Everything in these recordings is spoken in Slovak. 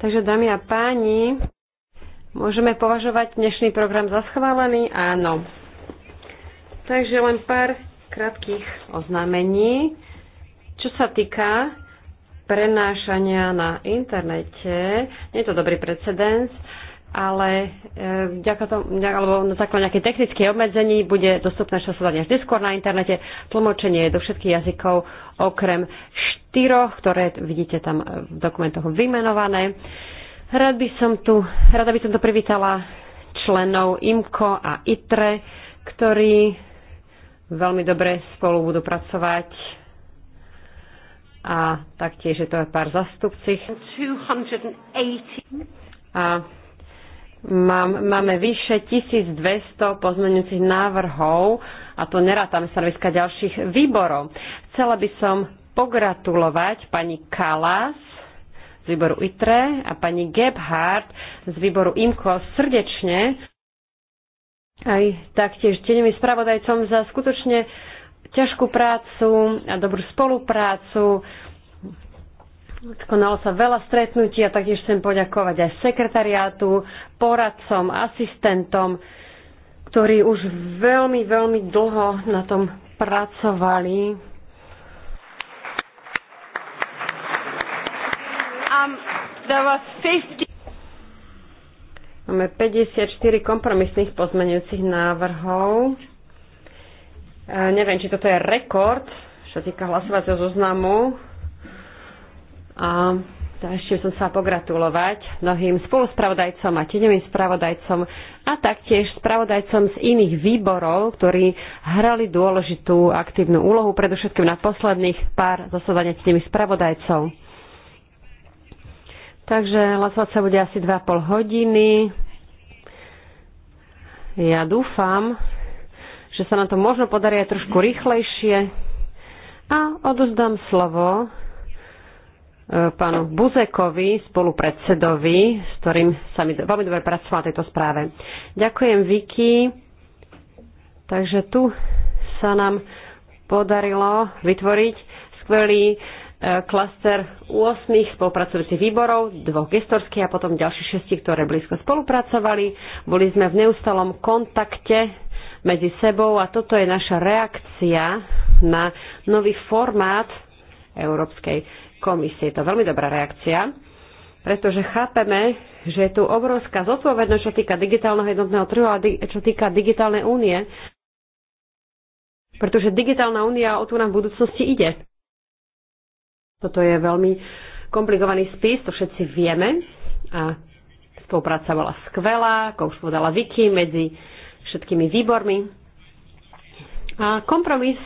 Takže dámy a páni, môžeme považovať dnešný program za schválený? Áno. Takže len pár krátkých oznámení. Čo sa týka prenášania na internete, nie je to dobrý precedens, ale e, vďaka tomu, alebo na základe nejakých technických obmedzení bude dostupné časovanie až neskôr na internete. Tlmočenie je do všetkých jazykov okrem štyroch, ktoré vidíte tam v dokumentoch vymenované. Rád by som tu, rada by som tu privítala členov IMCO a ITRE, ktorí veľmi dobre spolu budú pracovať a taktiež je to pár zastupcích. A Mám, máme vyše 1200 pozmeňujúcich návrhov a to nerátame stanoviska ďalších výborov. Chcela by som pogratulovať pani Kalas z výboru ITRE a pani Gebhardt z výboru IMKO srdečne aj taktiež tenými spravodajcom za skutočne ťažkú prácu a dobrú spoluprácu Konalo sa veľa stretnutí a taktiež chcem poďakovať aj sekretariátu, poradcom, asistentom, ktorí už veľmi, veľmi dlho na tom pracovali. Um, there was 50... Máme 54 kompromisných pozmenujúcich návrhov. E, neviem, či toto je rekord, čo týka hlasovacieho zoznamu a ešte som sa pogratulovať mnohým spoluspravodajcom a tieňovým spravodajcom a taktiež spravodajcom z iných výborov, ktorí hrali dôležitú aktívnu úlohu, predovšetkým na posledných pár zasadania tieňových spravodajcov. Takže hlasovať sa bude asi 2,5 hodiny. Ja dúfam, že sa nám to možno podarí aj trošku rýchlejšie. A odozdám slovo pánu Buzekovi, spolupredsedovi, s ktorým sa mi veľmi dobre pracovala tejto správe. Ďakujem, Viki. Takže tu sa nám podarilo vytvoriť skvelý e, klaster 8 spolupracujúcich výborov, dvoch gestorských a potom ďalších šesti, ktoré blízko spolupracovali. Boli sme v neustalom kontakte medzi sebou a toto je naša reakcia na nový formát Európskej komisie. Je to veľmi dobrá reakcia, pretože chápeme, že je tu obrovská zodpovednosť, čo týka digitálneho jednotného trhu a čo týka digitálnej únie, pretože digitálna únia o tú nám v budúcnosti ide. Toto je veľmi komplikovaný spis, to všetci vieme a spolupráca bola skvelá, ako už povedala Vicky, medzi všetkými výbormi. A kompromis,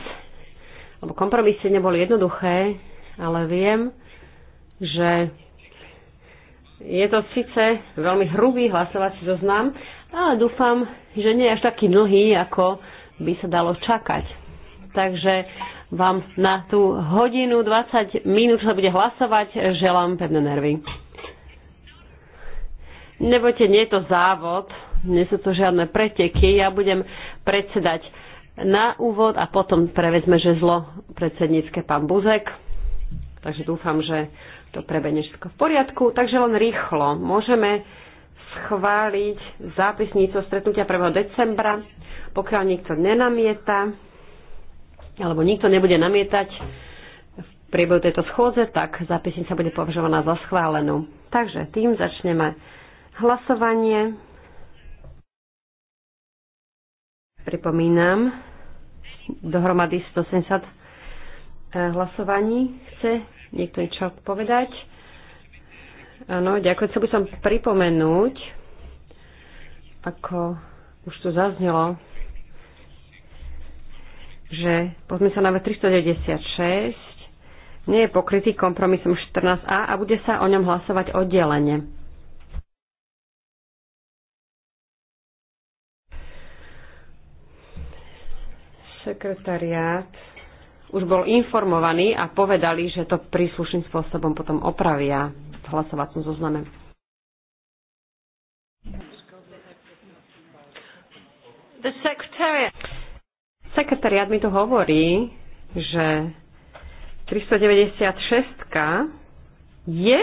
alebo kompromisy neboli jednoduché, ale viem, že je to síce veľmi hrubý hlasovací zoznam, ale dúfam, že nie je až taký dlhý, ako by sa dalo čakať. Takže vám na tú hodinu 20 minút, čo sa bude hlasovať, želám pevné nervy. Nebojte, nie je to závod, nie sú to žiadne preteky. Ja budem predsedať na úvod a potom prevezme žezlo predsednícke pán Buzek. Takže dúfam, že to prebehne všetko v poriadku. Takže len rýchlo. Môžeme schváliť zápisnícu stretnutia 1. decembra, pokiaľ nikto nenamieta, alebo nikto nebude namietať v priebehu tejto schôdze, tak zápisnica bude považovaná za schválenú. Takže tým začneme hlasovanie. Pripomínam, dohromady 170 E, hlasovaní. Chce niekto niečo povedať? Áno, ďakujem. Chcel by som pripomenúť, ako už tu zaznelo, že pozme sa na 396 nie je pokrytý kompromisom 14a a bude sa o ňom hlasovať oddelenie. Sekretariát už bol informovaný a povedali, že to príslušným spôsobom potom opravia v hlasovacom zozname. Sekretariat mi tu hovorí, že 396 je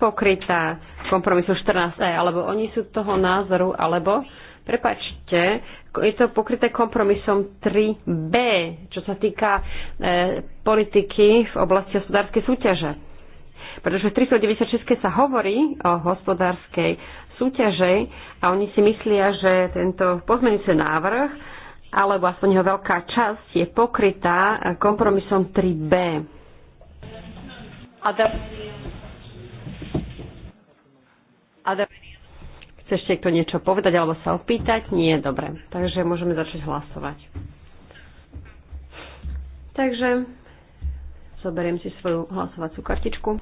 pokrytá kompromisu 14. E, alebo oni sú toho názoru, alebo Prepačte, je to pokryté kompromisom 3b, čo sa týka e, politiky v oblasti hospodárskej súťaže. Pretože v 396 sa hovorí o hospodárskej súťaže a oni si myslia, že tento pozmenujúci návrh, alebo aspoň jeho veľká časť, je pokrytá e, kompromisom 3b. Other... Other... Chce ešte kto niečo povedať alebo sa opýtať? Nie, dobre. Takže môžeme začať hlasovať. Takže zoberiem si svoju hlasovacú kartičku.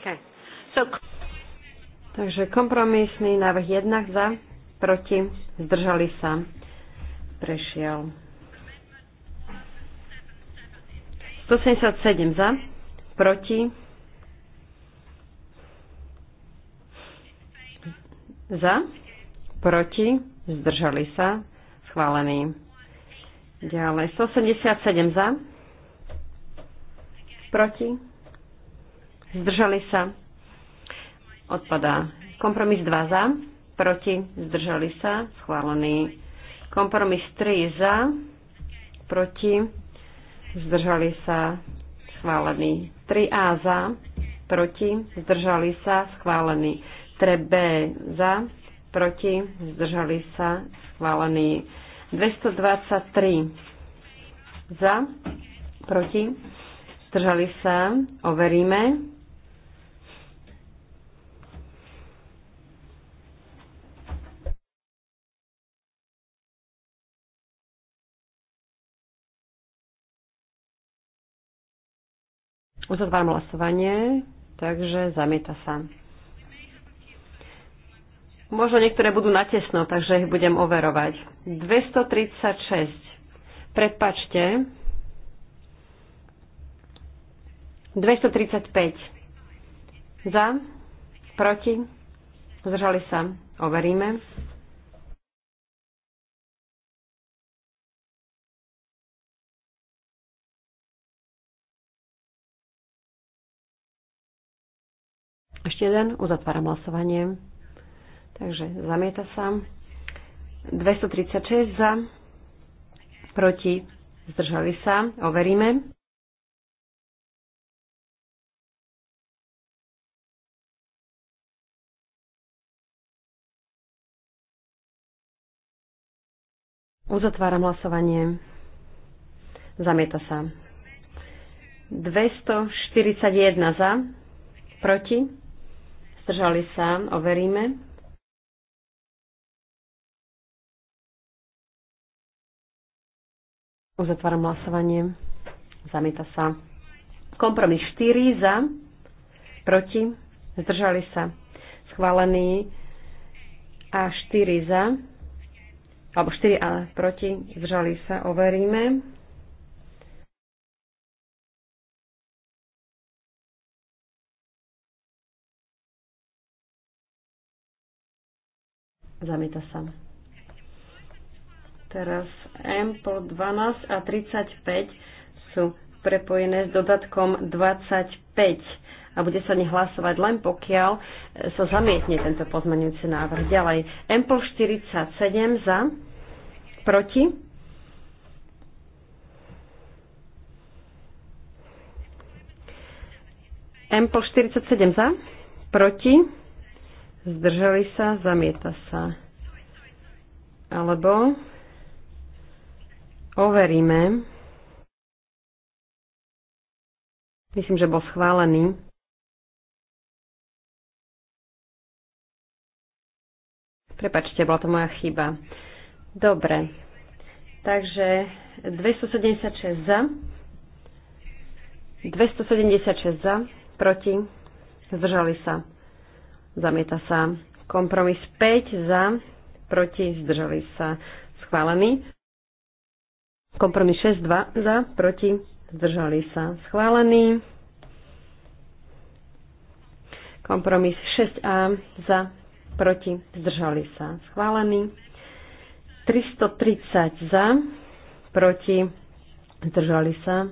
Okay. So... Takže kompromisný návrh jednak za, proti, zdržali sa, prešiel. 177 za, proti, za, proti, zdržali sa, schválený. Ďalej 177 za, proti, zdržali sa, odpadá. Kompromis 2 za, proti, zdržali sa, schválený. Kompromis 3 za, proti, zdržali sa, schválený. 3A za, proti, zdržali sa, schválený. 3B za, proti, zdržali sa, schválený. 223 za, proti, zdržali sa, overíme. Uzatváram hlasovanie, takže zamieta sa. Možno niektoré budú natesno, takže ich budem overovať. 236. Prepačte. 235. Za. Proti. Zdržali sa. Overíme. Ešte jeden, uzatváram hlasovanie. Takže zamieta sa. 236 za, proti, zdržali sa, overíme. Uzatváram hlasovanie. Zamieta sa. 241 za, proti, Zdržali sa. Overíme. Uzatváram hlasovanie. Zamieta sa. Kompromis 4 za. Proti. Zdržali sa. Schválený. A4 za. Alebo 4 a proti. Zdržali sa. Overíme. Zamieta sa. Teraz M po 12 a 35 sú prepojené s dodatkom 25 a bude sa nehlasovať len pokiaľ sa zamietne tento pozmenujúci návrh. Ďalej, M po 47 za, proti, M po 47 za, proti, zdržali sa, zamieta sa. Alebo overíme. Myslím, že bol schválený. Prepačte, bola to moja chyba. Dobre. Takže 276 za. 276 za. Proti. Zdržali sa zamieta sa. Kompromis 5 za, proti, zdržali sa, schválený. Kompromis 6, 2 za, proti, zdržali sa, schválený. Kompromis 6a za, proti, zdržali sa, schválený. 330 za, proti, zdržali sa,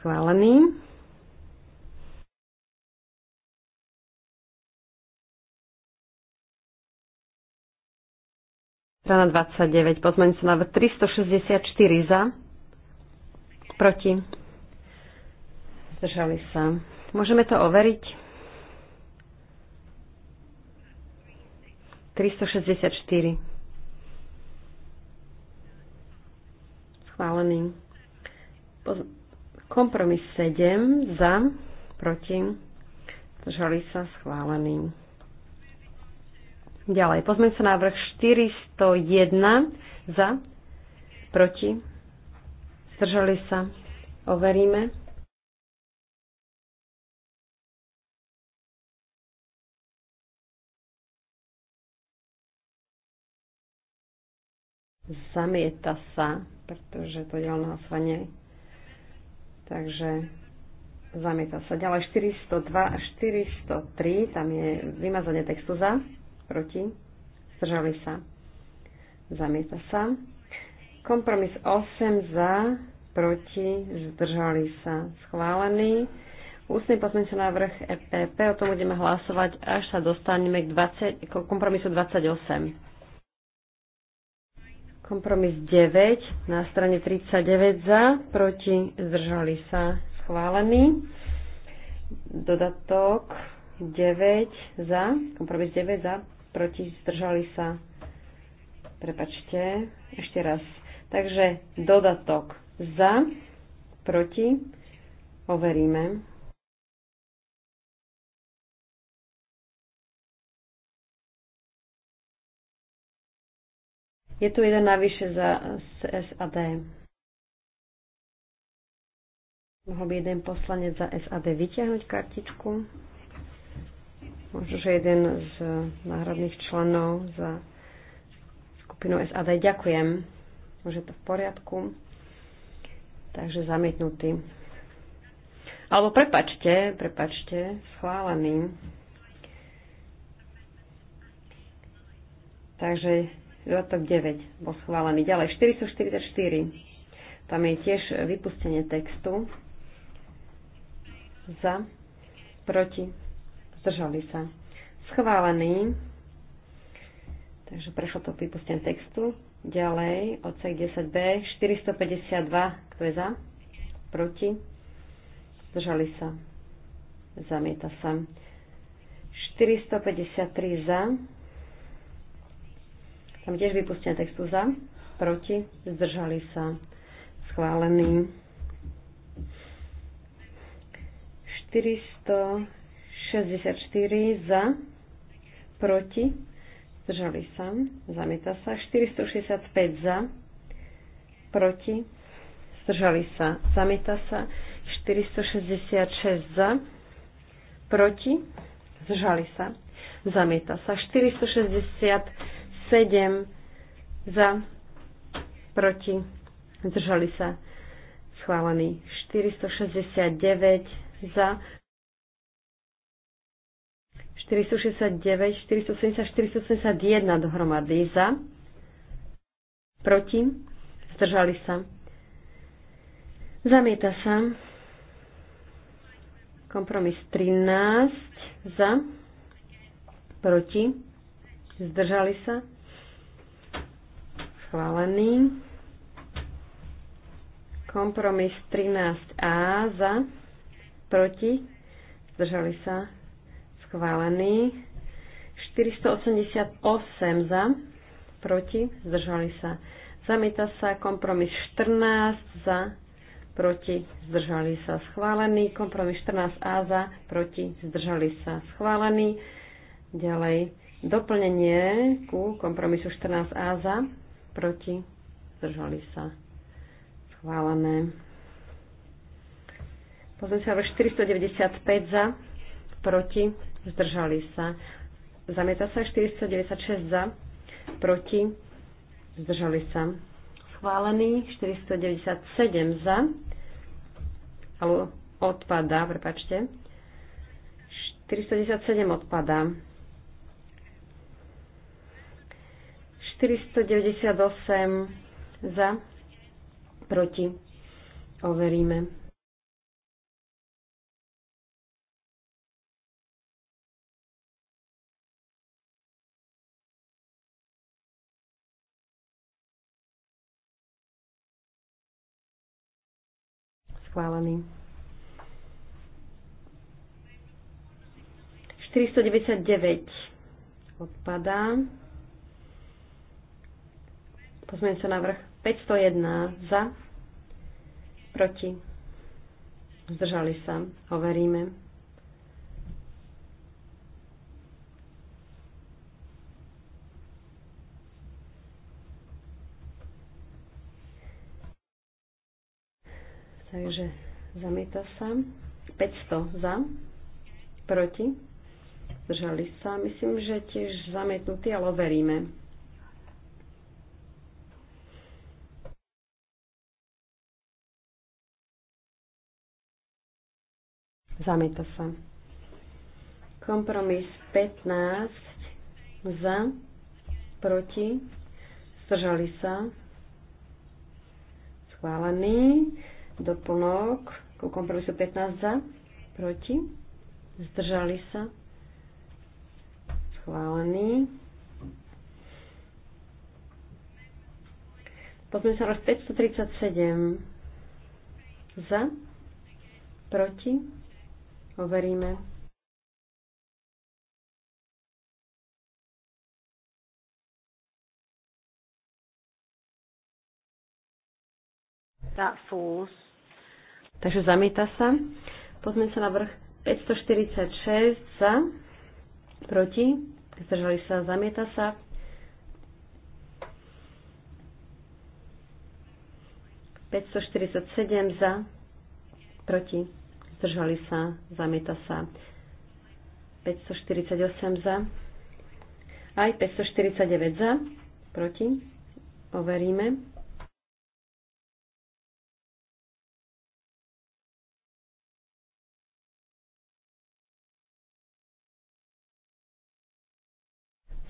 schválený. Strana 29, sa návrh 364 za, proti, zdržali sa. Môžeme to overiť. 364. Schválený. Kompromis 7 za, proti, zdržali sa, schválený. Ďalej, pozmeň sa návrh 401 za, proti, zdržali sa, overíme. Zamieta sa, pretože to je na hlasovanie. Takže zamieta sa. Ďalej 402 a 403, tam je vymazanie textu za proti, zdržali sa, zamieta sa. Kompromis 8 za, proti, zdržali sa, schválený. Ústny pozmeňujúci návrh EPP, o tom budeme hlasovať, až sa dostaneme k 20, kompromisu 28. Kompromis 9 na strane 39 za, proti, zdržali sa, schválený. Dodatok 9 za, kompromis 9 za, proti, zdržali sa. Prepačte, ešte raz. Takže dodatok za, proti, overíme. Je tu jeden navyše za SAD. Mohol by jeden poslanec za SAD vyťahnuť kartičku možno, že jeden z náhradných členov za skupinu SAD. Ďakujem, že to v poriadku. Takže zamietnutý. Alebo prepačte, prepačte, schválený. Takže 29 bol schválený. Ďalej 444. Tam je tiež vypustenie textu. Za, proti, zdržali sa, schválený. Takže prešlo to vypustenie textu. Ďalej, odsek 10b, 452, kto je za, proti, zdržali sa, zamieta sa. 453 za, tam tiež vypustenie textu za, proti, zdržali sa, schválený. 400 64 za, proti, zdržali sa, zamieta sa, 465 za, proti, zdržali sa, zamieta sa, 466 za, proti, zdržali sa, zamieta sa, 467 za, proti, zdržali sa, schválený, 469 za, 469, 470, 471 dohromady za, proti, zdržali sa. Zamieta sa. Kompromis 13 za, proti, zdržali sa. Schválený. Kompromis 13a za, proti, zdržali sa schválený. 488 za, proti, zdržali sa. Zamieta sa kompromis 14 za, proti, zdržali sa. Schválený kompromis 14a za, proti, zdržali sa. Schválený. Ďalej doplnenie ku kompromisu 14a za, proti, zdržali sa. Schválené. Pozrieme sa 495 za, proti, zdržali sa. Zamieta sa 496 za, proti, zdržali sa. Schválený 497 za, alebo odpada, prepačte. 497 odpada. 498 za, proti, overíme. Schválený. 499 odpadá. Pozmeň sa na vrch. 501 za, proti. Zdržali sa. Overíme. takže zamieta sa. 500 za, proti, zdržali sa. Myslím, že tiež zamietnutý, ale veríme. Zamieta sa. Kompromis 15 za, proti, zdržali sa, schválený doplnok ku kompromisu 15 za, proti, zdržali sa, schválený. Pozme sa roz 537 za, proti, overíme. That falls. Takže zamieta sa. Poďme sa na vrch 546 za, proti, zdržali sa, zamieta sa. sedem za, proti, zdržali sa, zamieta sa. 548 za, aj 549 za, proti, overíme.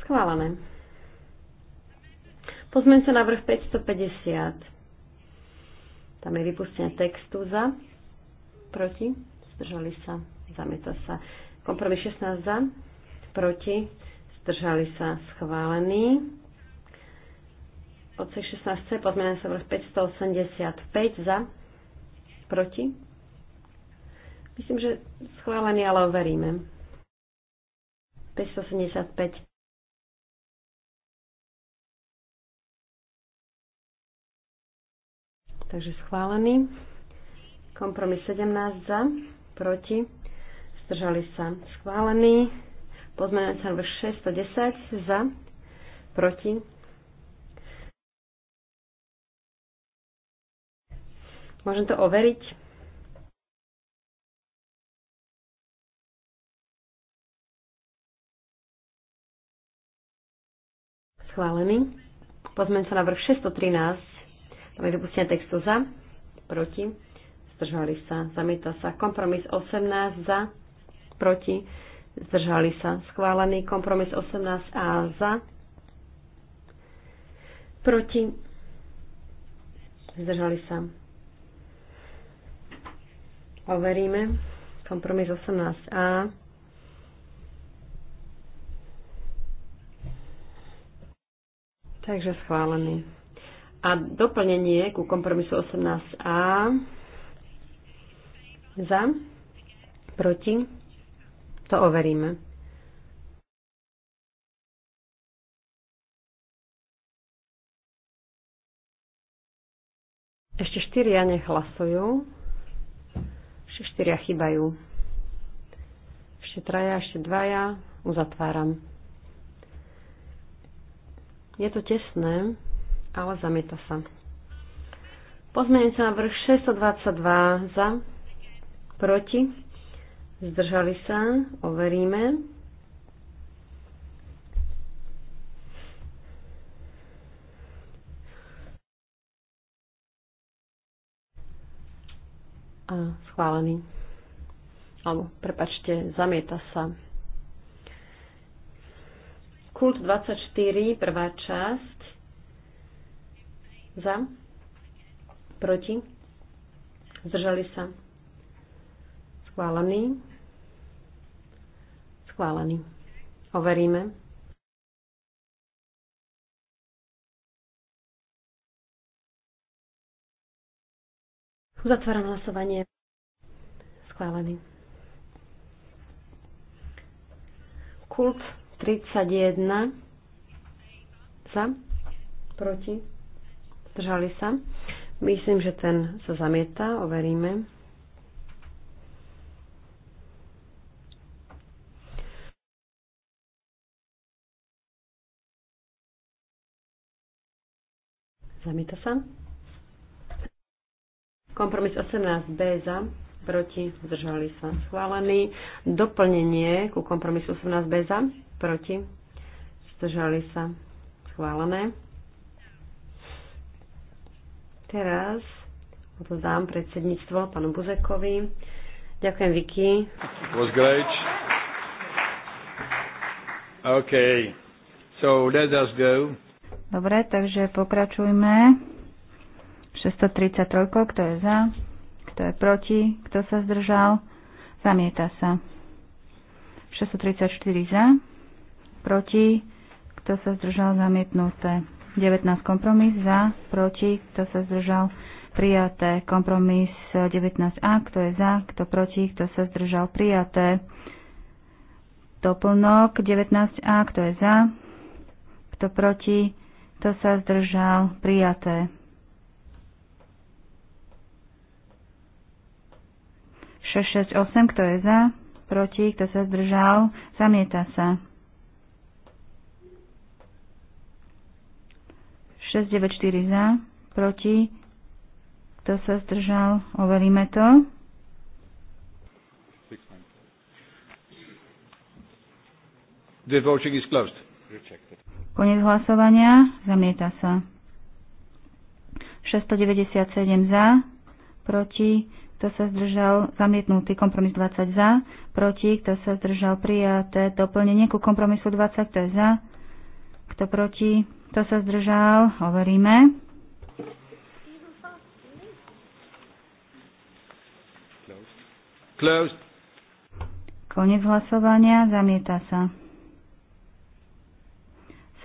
Schválené. Pozmeň sa vrch 550. Tam je vypustenie textu za, proti, zdržali sa, zamieta sa. Kompromis 16 za, proti, zdržali sa, schválený. Odsek 16c, pozmeň sa vrch 585 za, proti. Myslím, že schválený, ale overíme. 575. Takže schválený. Kompromis 17 za, proti, zdržali sa. Schválený. Pozmeňujúci návrh 610 za, proti. Môžem to overiť. Schválený. Pozmeň sa na vrch 613 Vypustenie textu za, proti, zdržali sa, zamieta sa. Kompromis 18 za, proti, zdržali sa. Schválený kompromis 18a za, proti, zdržali sa. Overíme. Kompromis 18a. Takže schválený a doplnenie ku kompromisu 18a za, proti, to overíme. Ešte štyria nech hlasujú. Ešte štyria chýbajú. Ešte traja, ešte dvaja. Uzatváram. Je to tesné ale zamieta sa. Pozmeňujúci návrh 622 za, proti, zdržali sa, overíme. A schválený. Alebo, prepačte, zamieta sa. Kult 24, prvá časť. Za? Proti? Zdržali sa? Schválený? Schválený. Overíme. Uzatváram hlasovanie. Schválený. Kult 31. Za. Proti. Zdržali sa? Myslím, že ten sa zamieta, overíme. Zamieta sa. Kompromis 18b za, proti, zdržali sa, schválený. Doplnenie ku kompromisu 18b za, proti, zdržali sa, schválené. Teraz odozdám predsedníctvo panu Buzekovi. Ďakujem, Vicky. was great. Okay. So let us go. Dobre, takže pokračujme. 633, kto je za, kto je proti, kto sa zdržal, zamieta sa. 634 za, proti, kto sa zdržal, zamietnuté. 19 kompromis za, proti, kto sa zdržal, prijaté. Kompromis 19a, kto je za, kto proti, kto sa zdržal, prijaté. Doplnok 19a, kto je za, kto proti, kto sa zdržal, prijaté. 668, kto je za, proti, kto sa zdržal, zamieta sa. 694 za, proti, kto sa zdržal, overíme to. The voting is closed. Konec hlasovania. Zamieta sa. 697 za, proti, kto sa zdržal, zamietnutý kompromis 20 za, proti, kto sa zdržal, prijaté, doplnenie ku kompromisu 20, to je za, kto proti, kto sa zdržal? hovoríme? Closed. Konec hlasovania. Zamieta sa.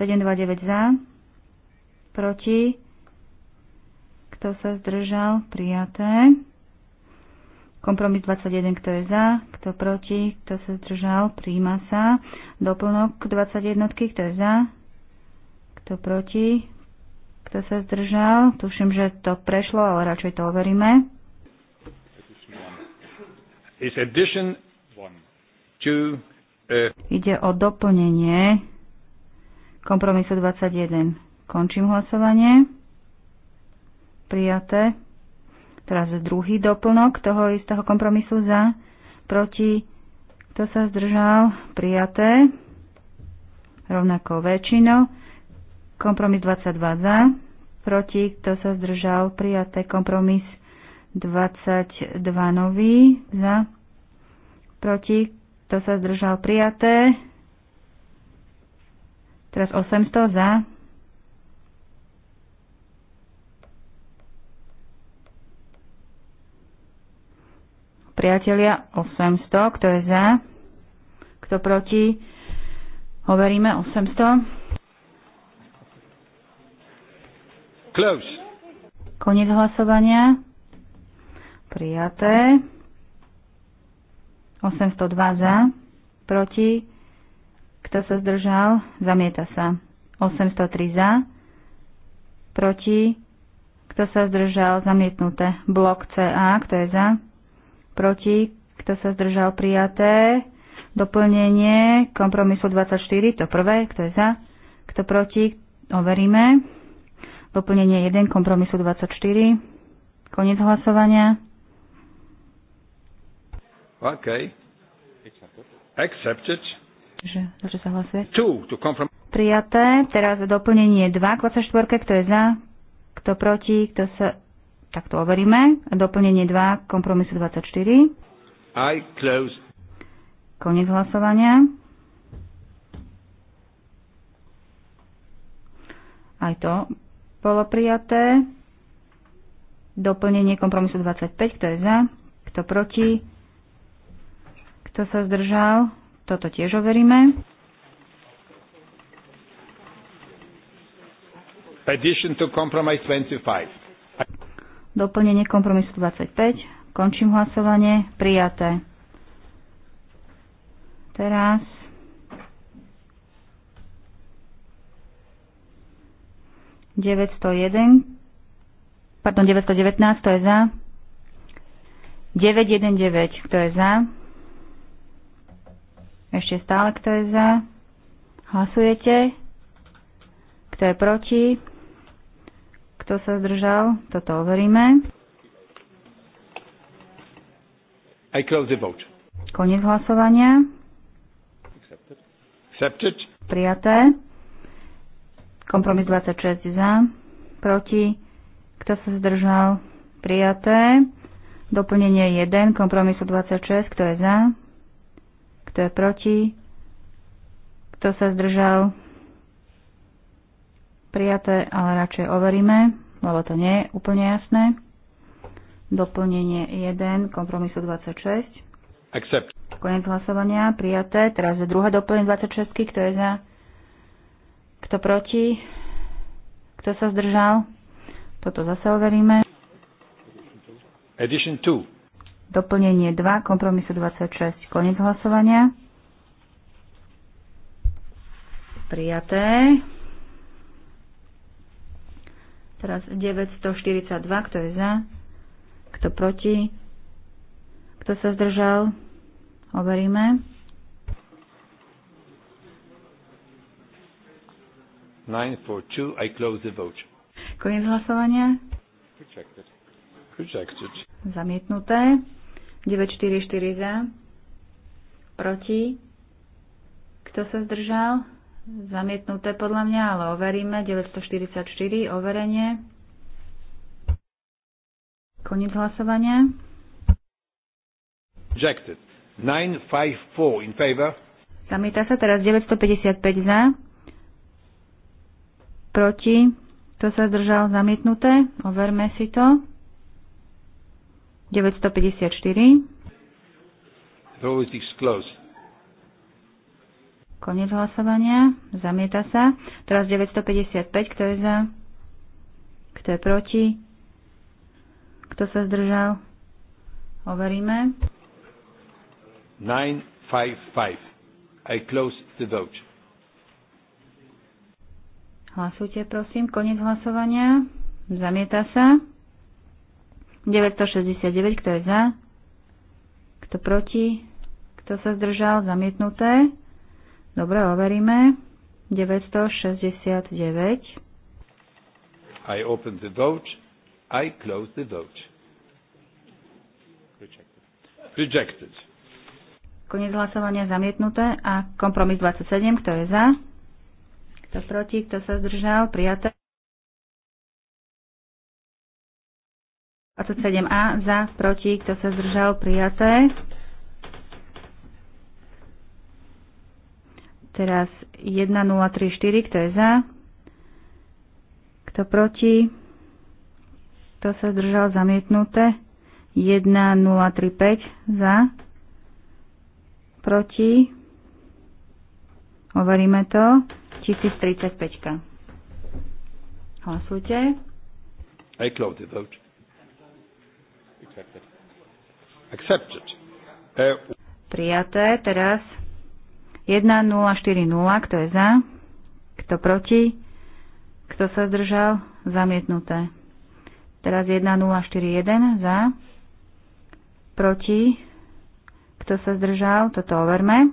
729 za. Proti. Kto sa zdržal? Prijaté. Kompromis 21, kto je za, kto proti, kto sa zdržal, príjma sa. Doplnok 21, kto je za, kto proti? Kto sa zdržal? Tuším, že to prešlo, ale radšej to overíme. Uh, Ide o doplnenie kompromisu 21. Končím hlasovanie. Prijaté. Teraz druhý doplnok toho istého kompromisu za, proti, kto sa zdržal, prijaté, rovnako väčšinou. Kompromis 22 za, proti, kto sa zdržal, prijaté. Kompromis 22 nový za, proti, kto sa zdržal, prijaté. Teraz 800 za. Priatelia 800, kto je za, kto proti, hovoríme 800. Close. Koniec hlasovania. Prijaté. 802 za. Proti. Kto sa zdržal? Zamieta sa. 803 za. Proti. Kto sa zdržal? Zamietnuté. Blok CA. Kto je za? Proti. Kto sa zdržal? Prijaté. Doplnenie kompromisu 24. To prvé. Kto je za? Kto proti? Overíme doplnenie 1 kompromisu 24. Koniec hlasovania. OK. Accepted. Že, že sa hlasuje. to Prijaté. Teraz doplnenie 2 k 24. Kto je za? Kto proti? Kto sa... Tak to overíme. Doplnenie 2 kompromisu 24. I close. Koniec hlasovania. Aj to bolo prijaté doplnenie kompromisu 25, kto je za, kto proti, kto sa zdržal, toto tiež overíme. Addition to compromise 25. Doplnenie kompromisu 25. Končím hlasovanie. Prijaté. Teraz 901, pardon, 919, to je za. 919, kto je za? Ešte stále, kto je za? Hlasujete? Kto je proti? Kto sa zdržal? Toto overíme. I close the vote. Koniec hlasovania. Accepted. Prijaté. Kompromis 26 za, proti, kto sa zdržal, prijaté. Doplnenie 1, kompromisu 26, kto je za, kto je proti, kto sa zdržal, prijaté, ale radšej overíme, lebo to nie je úplne jasné. Doplnenie 1, kompromisu 26. Accept. Koniec hlasovania, prijaté. Teraz je druhé doplnenie 26, kto je za, kto proti? Kto sa zdržal? Toto zase overíme. Edition 2. Doplnenie 2, kompromisu 26. Konec hlasovania. Prijaté. Teraz 942, kto je za, kto proti, kto sa zdržal, overíme. 942. I close the vote. Koniec hlasovania. Rejected. Rejected. Zamietnuté. 944 za. Proti. Kto sa zdržal? Zamietnuté podľa mňa, ale overíme. 944, overenie. Koniec hlasovania. Rejected. 954 in favor. Zamieta sa teraz 955 za proti, kto sa zdržal zamietnuté, overme si to. 954. Konec hlasovania. Zamieta sa. Teraz 955. Kto je za? Kto je proti? Kto sa zdržal? Overíme. 955. I close the vote. Hlasujte, prosím. Koniec hlasovania. Zamieta sa. 969, kto je za? Kto proti? Kto sa zdržal? Zamietnuté. Dobre, overíme. 969. I open the vote. I close the vote. Rejected. Rejected. Koniec hlasovania zamietnuté a kompromis 27, kto je za? Kto proti? Kto sa zdržal? Prijaté. 27a za, proti, kto sa zdržal, prijaté. Teraz 1034, kto je za, kto proti, kto sa zdržal, zamietnuté. 1035 za, proti, overíme to. 1035. Hlasujte. I close the vote. Accepted. Accepted. Uh, Prijaté. Teraz 1040. Kto je za? Kto proti? Kto sa zdržal? Zamietnuté. Teraz 1041 za. Proti. Kto sa zdržal? Toto overme.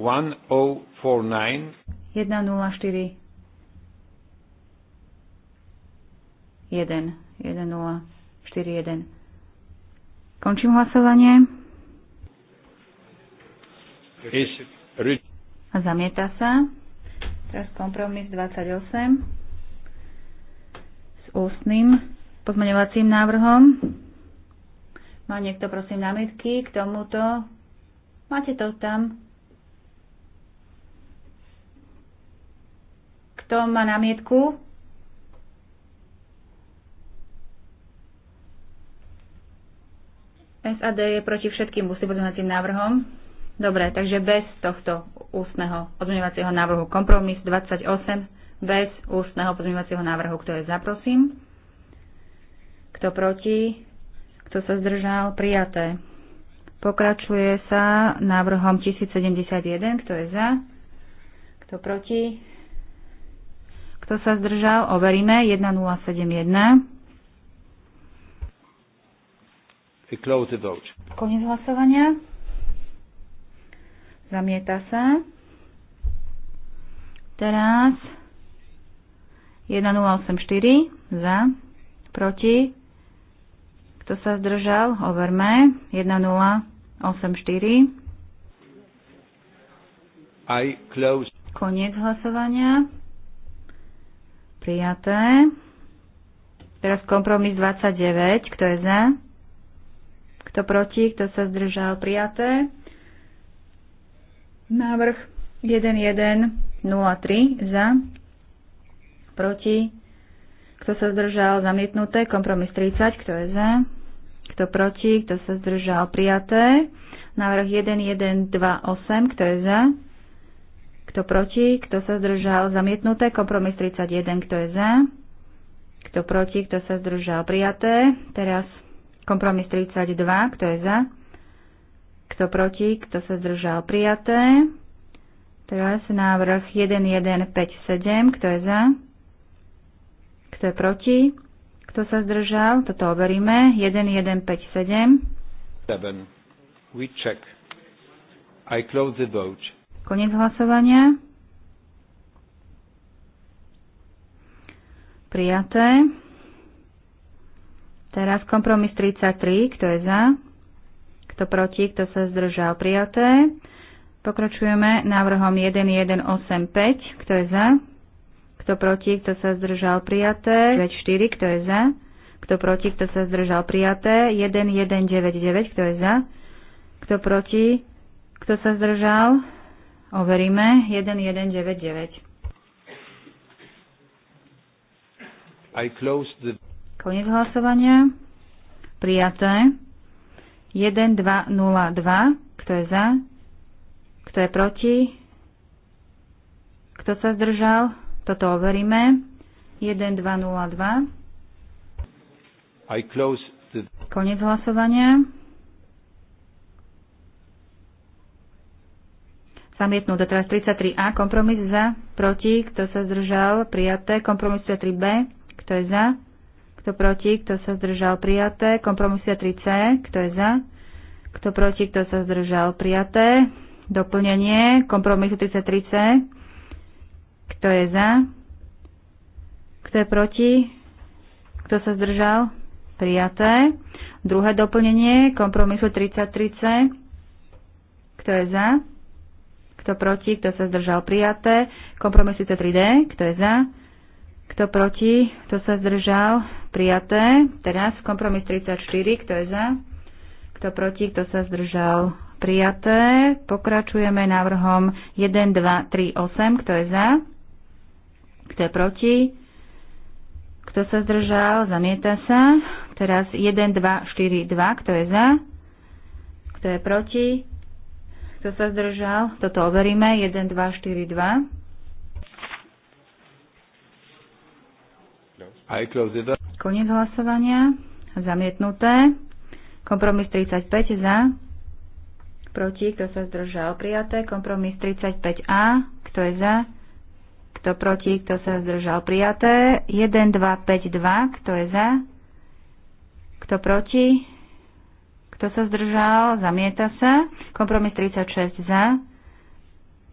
1049 1 1 0 4 1 Končím hlasovanie. A zamieta sa. Teraz kompromis 28 s ústnym pozmeňovacím návrhom. Má niekto prosím námietky k tomuto? Máte to tam? Kto má námietku? SAD je proti všetkým ústnym pozmeňovacím návrhom. Dobre, takže bez tohto ústneho pozmeňovacieho návrhu kompromis 28, bez ústneho pozmeňovacieho návrhu, kto je za, prosím. Kto proti? Kto sa zdržal? Prijaté. Pokračuje sa návrhom 1071, kto je za, kto proti, kto sa zdržal? Overíme. 1071. Koniec hlasovania. Zamieta sa. Teraz 1084 za, proti. Kto sa zdržal? Overme. 1084. I close. Koniec hlasovania. Prijaté. Teraz kompromis 29. Kto je za? Kto proti? Kto sa zdržal? Prijaté. Návrh 1103 za. Proti. Kto sa zdržal? Zamietnuté. Kompromis 30. Kto je za? Kto proti? Kto sa zdržal? Prijaté. Návrh 1128. Kto je za? Kto proti? Kto sa zdržal? Zamietnuté. Kompromis 31. Kto je za? Kto proti? Kto sa zdržal? Prijaté. Teraz kompromis 32. Kto je za? Kto proti? Kto sa zdržal? Prijaté. Teraz návrh 1157. Kto je za? Kto je proti? Kto sa zdržal? Toto overíme. 1157. 7. We check. I close the vote. Konec hlasovania. Prijaté. Teraz kompromis 33. Kto je za? Kto proti? Kto sa zdržal? Prijaté. Pokračujeme návrhom 1185. Kto je za? Kto proti? Kto sa zdržal? Prijaté. 24. Kto je za? Kto proti? Kto sa zdržal? Prijaté. 1199. Kto je za? Kto proti? Kto sa zdržal? Overíme 1199. I close the... Koniec hlasovania. Prijaté. 1202. Kto je za? Kto je proti? Kto sa zdržal? Toto overíme. 1202. I close the... Koniec hlasovania. zamietnúť. Teraz 33a, kompromis za, proti, kto sa zdržal, prijaté. Kompromis 33b, kto je za, kto proti, kto sa zdržal, prijaté. Kompromis 33c, kto je za, kto proti, kto sa zdržal, prijaté. Doplnenie kompromis 33c, kto je za, kto je proti, kto sa zdržal, prijaté. Druhé doplnenie kompromisu 33c, kto je za, kto proti, kto sa zdržal prijaté. Kompromis 3D, kto je za, kto proti, kto sa zdržal prijaté. Teraz kompromis 34, kto je za, kto proti, kto sa zdržal prijaté. Pokračujeme návrhom 1, 2, 3, 8, kto je za, kto je proti, kto sa zdržal, zamieta sa. Teraz 1, 2, 4, 2, kto je za, kto je proti, kto sa zdržal? Toto overíme. 1, 2, 4, 2. Koniec hlasovania. Zamietnuté. Kompromis 35 za. Proti. Kto sa zdržal? Prijaté. Kompromis 35A. Kto je za? Kto proti? Kto sa zdržal? Prijaté. 1, 2, 5, 2. Kto je za? Kto proti? Kto sa zdržal? Zamieta sa. Kompromis 36 za.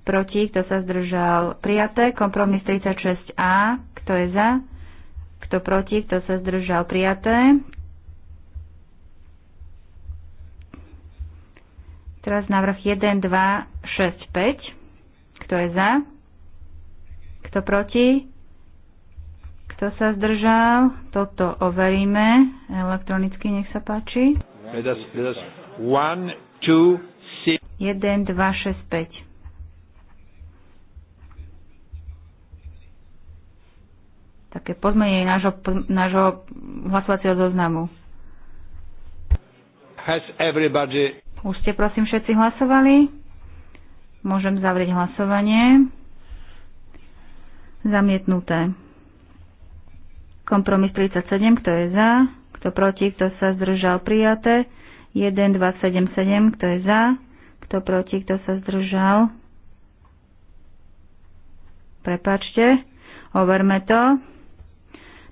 Proti. Kto sa zdržal? Prijaté. Kompromis 36a. Kto je za? Kto proti? Kto sa zdržal? Prijaté. Teraz návrh 1, 2, 6, 5. Kto je za? Kto proti? Kto sa zdržal? Toto overíme elektronicky, nech sa páči. 1, 2, 6, 5. také pozmenie nášho, nášho hlasovacieho zoznamu. Has everybody... Už ste prosím všetci hlasovali? Môžem zavrieť hlasovanie. Zamietnuté. Kompromis 37, kto je za? kto proti, kto sa zdržal, prijaté. 1, 2, 7, 7, kto je za, kto proti, kto sa zdržal. Prepačte, overme to.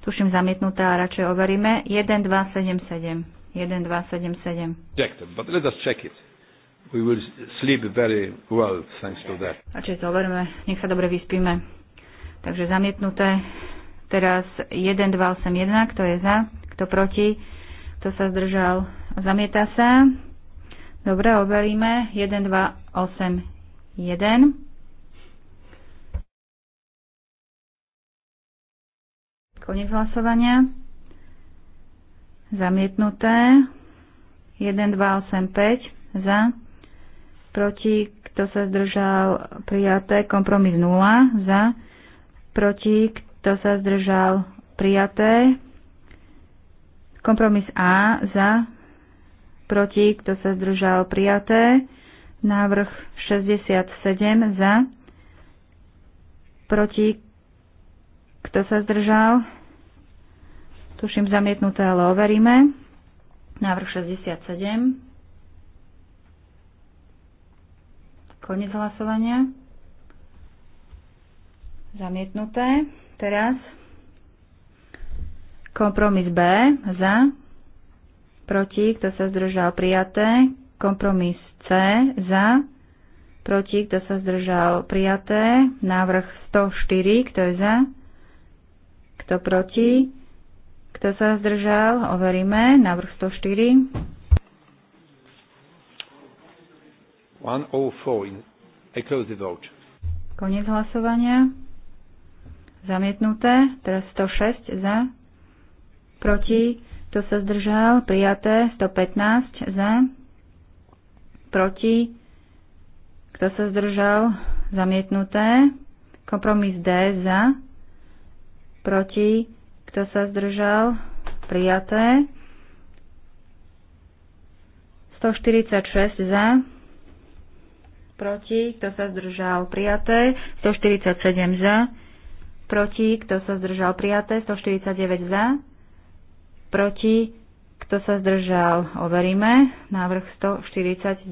Tuším zamietnuté a radšej overíme. 1, 2, 7, 7. 1, 2, 7, 7. Objective, but let us check it. We will sleep very well, thanks to that. Radšej to overme, nech sa dobre vyspíme. Takže zamietnuté. Teraz 1, 2, 8, 1, kto je za? Kto proti? Kto sa zdržal? Zamieta sa. Dobre, overíme. 1, 2, 8, 1. Koniec hlasovania. Zamietnuté. 1, 2, 8, 5. Za. Proti. Kto sa zdržal? Prijaté. Kompromis 0. Za. Proti. Kto sa zdržal? Prijaté. Kompromis A za, proti, kto sa zdržal prijaté. Návrh 67 za, proti, kto sa zdržal. Tuším zamietnuté, ale overíme. Návrh 67. Konec hlasovania. Zamietnuté. Teraz Kompromis B za, proti, kto sa zdržal prijaté. Kompromis C za, proti, kto sa zdržal prijaté. Návrh 104, kto je za, kto proti, kto sa zdržal, overíme. Návrh 104. 104. I close the vote. Koniec hlasovania. Zamietnuté. Teraz 106 za proti, to sa zdržal, prijaté 115 za, proti, kto sa zdržal, zamietnuté, kompromis D za, proti, kto sa zdržal, prijaté, 146 za, proti, kto sa zdržal, prijaté, 147 za, proti, kto sa zdržal, prijaté, 149 za, proti, kto sa zdržal, overíme. Návrh 149.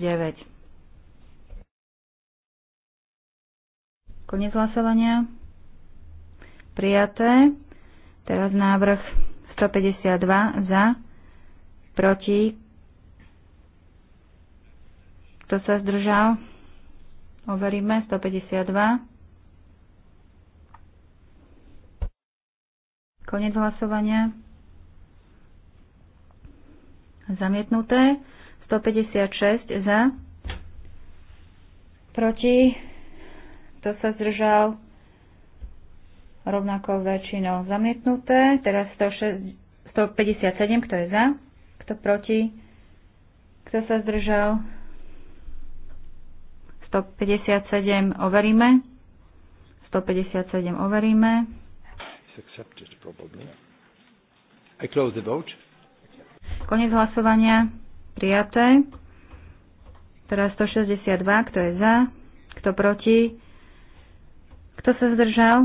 Koniec hlasovania. Prijaté. Teraz návrh 152 za, proti, kto sa zdržal, overíme 152. Koniec hlasovania zamietnuté, 156 za, proti, to sa zdržal Rovnako väčšinou zamietnuté, teraz 157, kto je za, kto proti, kto sa zdržal, 157 overíme, 157 overíme. It's accepted probably. I close the vote. Konec hlasovania. Prijaté. Teraz 162. Kto je za? Kto proti? Kto sa zdržal?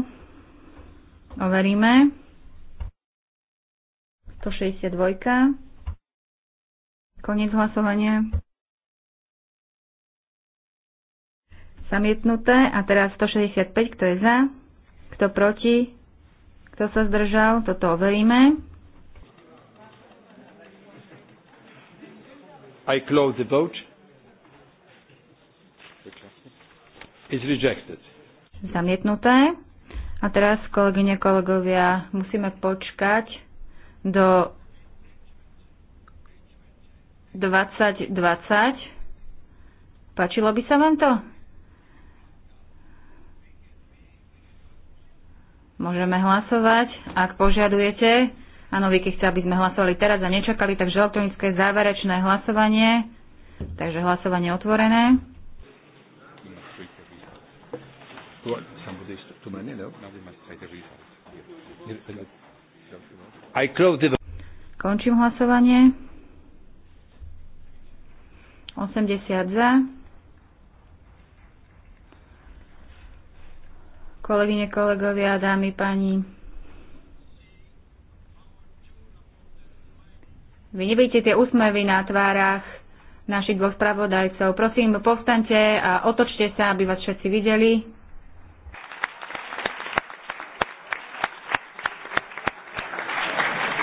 Overíme. 162. Konec hlasovania. Zamietnuté. A teraz 165. Kto je za? Kto proti? Kto sa zdržal? Toto overíme. I close the vote. It's rejected. Zamietnuté. A teraz, kolegyne, kolegovia, musíme počkať do 2020. Pačilo by sa vám to? Môžeme hlasovať, ak požiadujete. Áno, keď chce, aby sme hlasovali teraz a nečakali, takže elektronické záverečné hlasovanie. Takže hlasovanie otvorené. Končím hlasovanie. 80 za. Kolegyne, kolegovia, dámy, pani. Vy nevidíte tie úsmevy na tvárach našich dvoch spravodajcov. Prosím, povstaňte a otočte sa, aby vás všetci videli.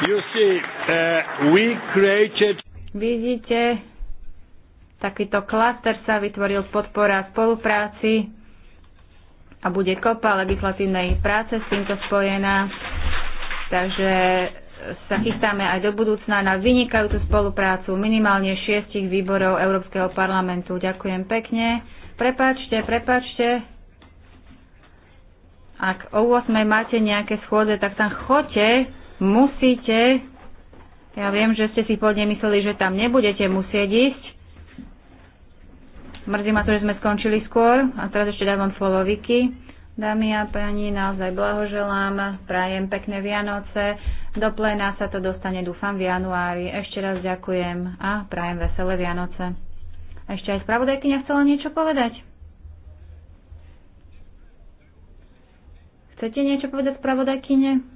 You see, uh, we created... Vidíte, takýto klaster sa vytvoril podpora spolupráci a bude kopa legislatívnej práce s týmto spojená. Takže sa chystáme aj do budúcna na vynikajúcu spoluprácu minimálne šiestich výborov Európskeho parlamentu. Ďakujem pekne. Prepačte, prepačte. Ak o 8 máte nejaké schôdze, tak tam chodte, musíte. Ja viem, že ste si podne mysleli, že tam nebudete musieť ísť. Mrzí ma to, že sme skončili skôr. A teraz ešte dávam slovo Viki. Dámy a páni, naozaj blahoželám, prajem pekné Vianoce do pléna sa to dostane, dúfam, v januári. Ešte raz ďakujem a prajem veselé Vianoce. Ešte aj spravodajkyňa chcela niečo povedať. Chcete niečo povedať spravodajkyne?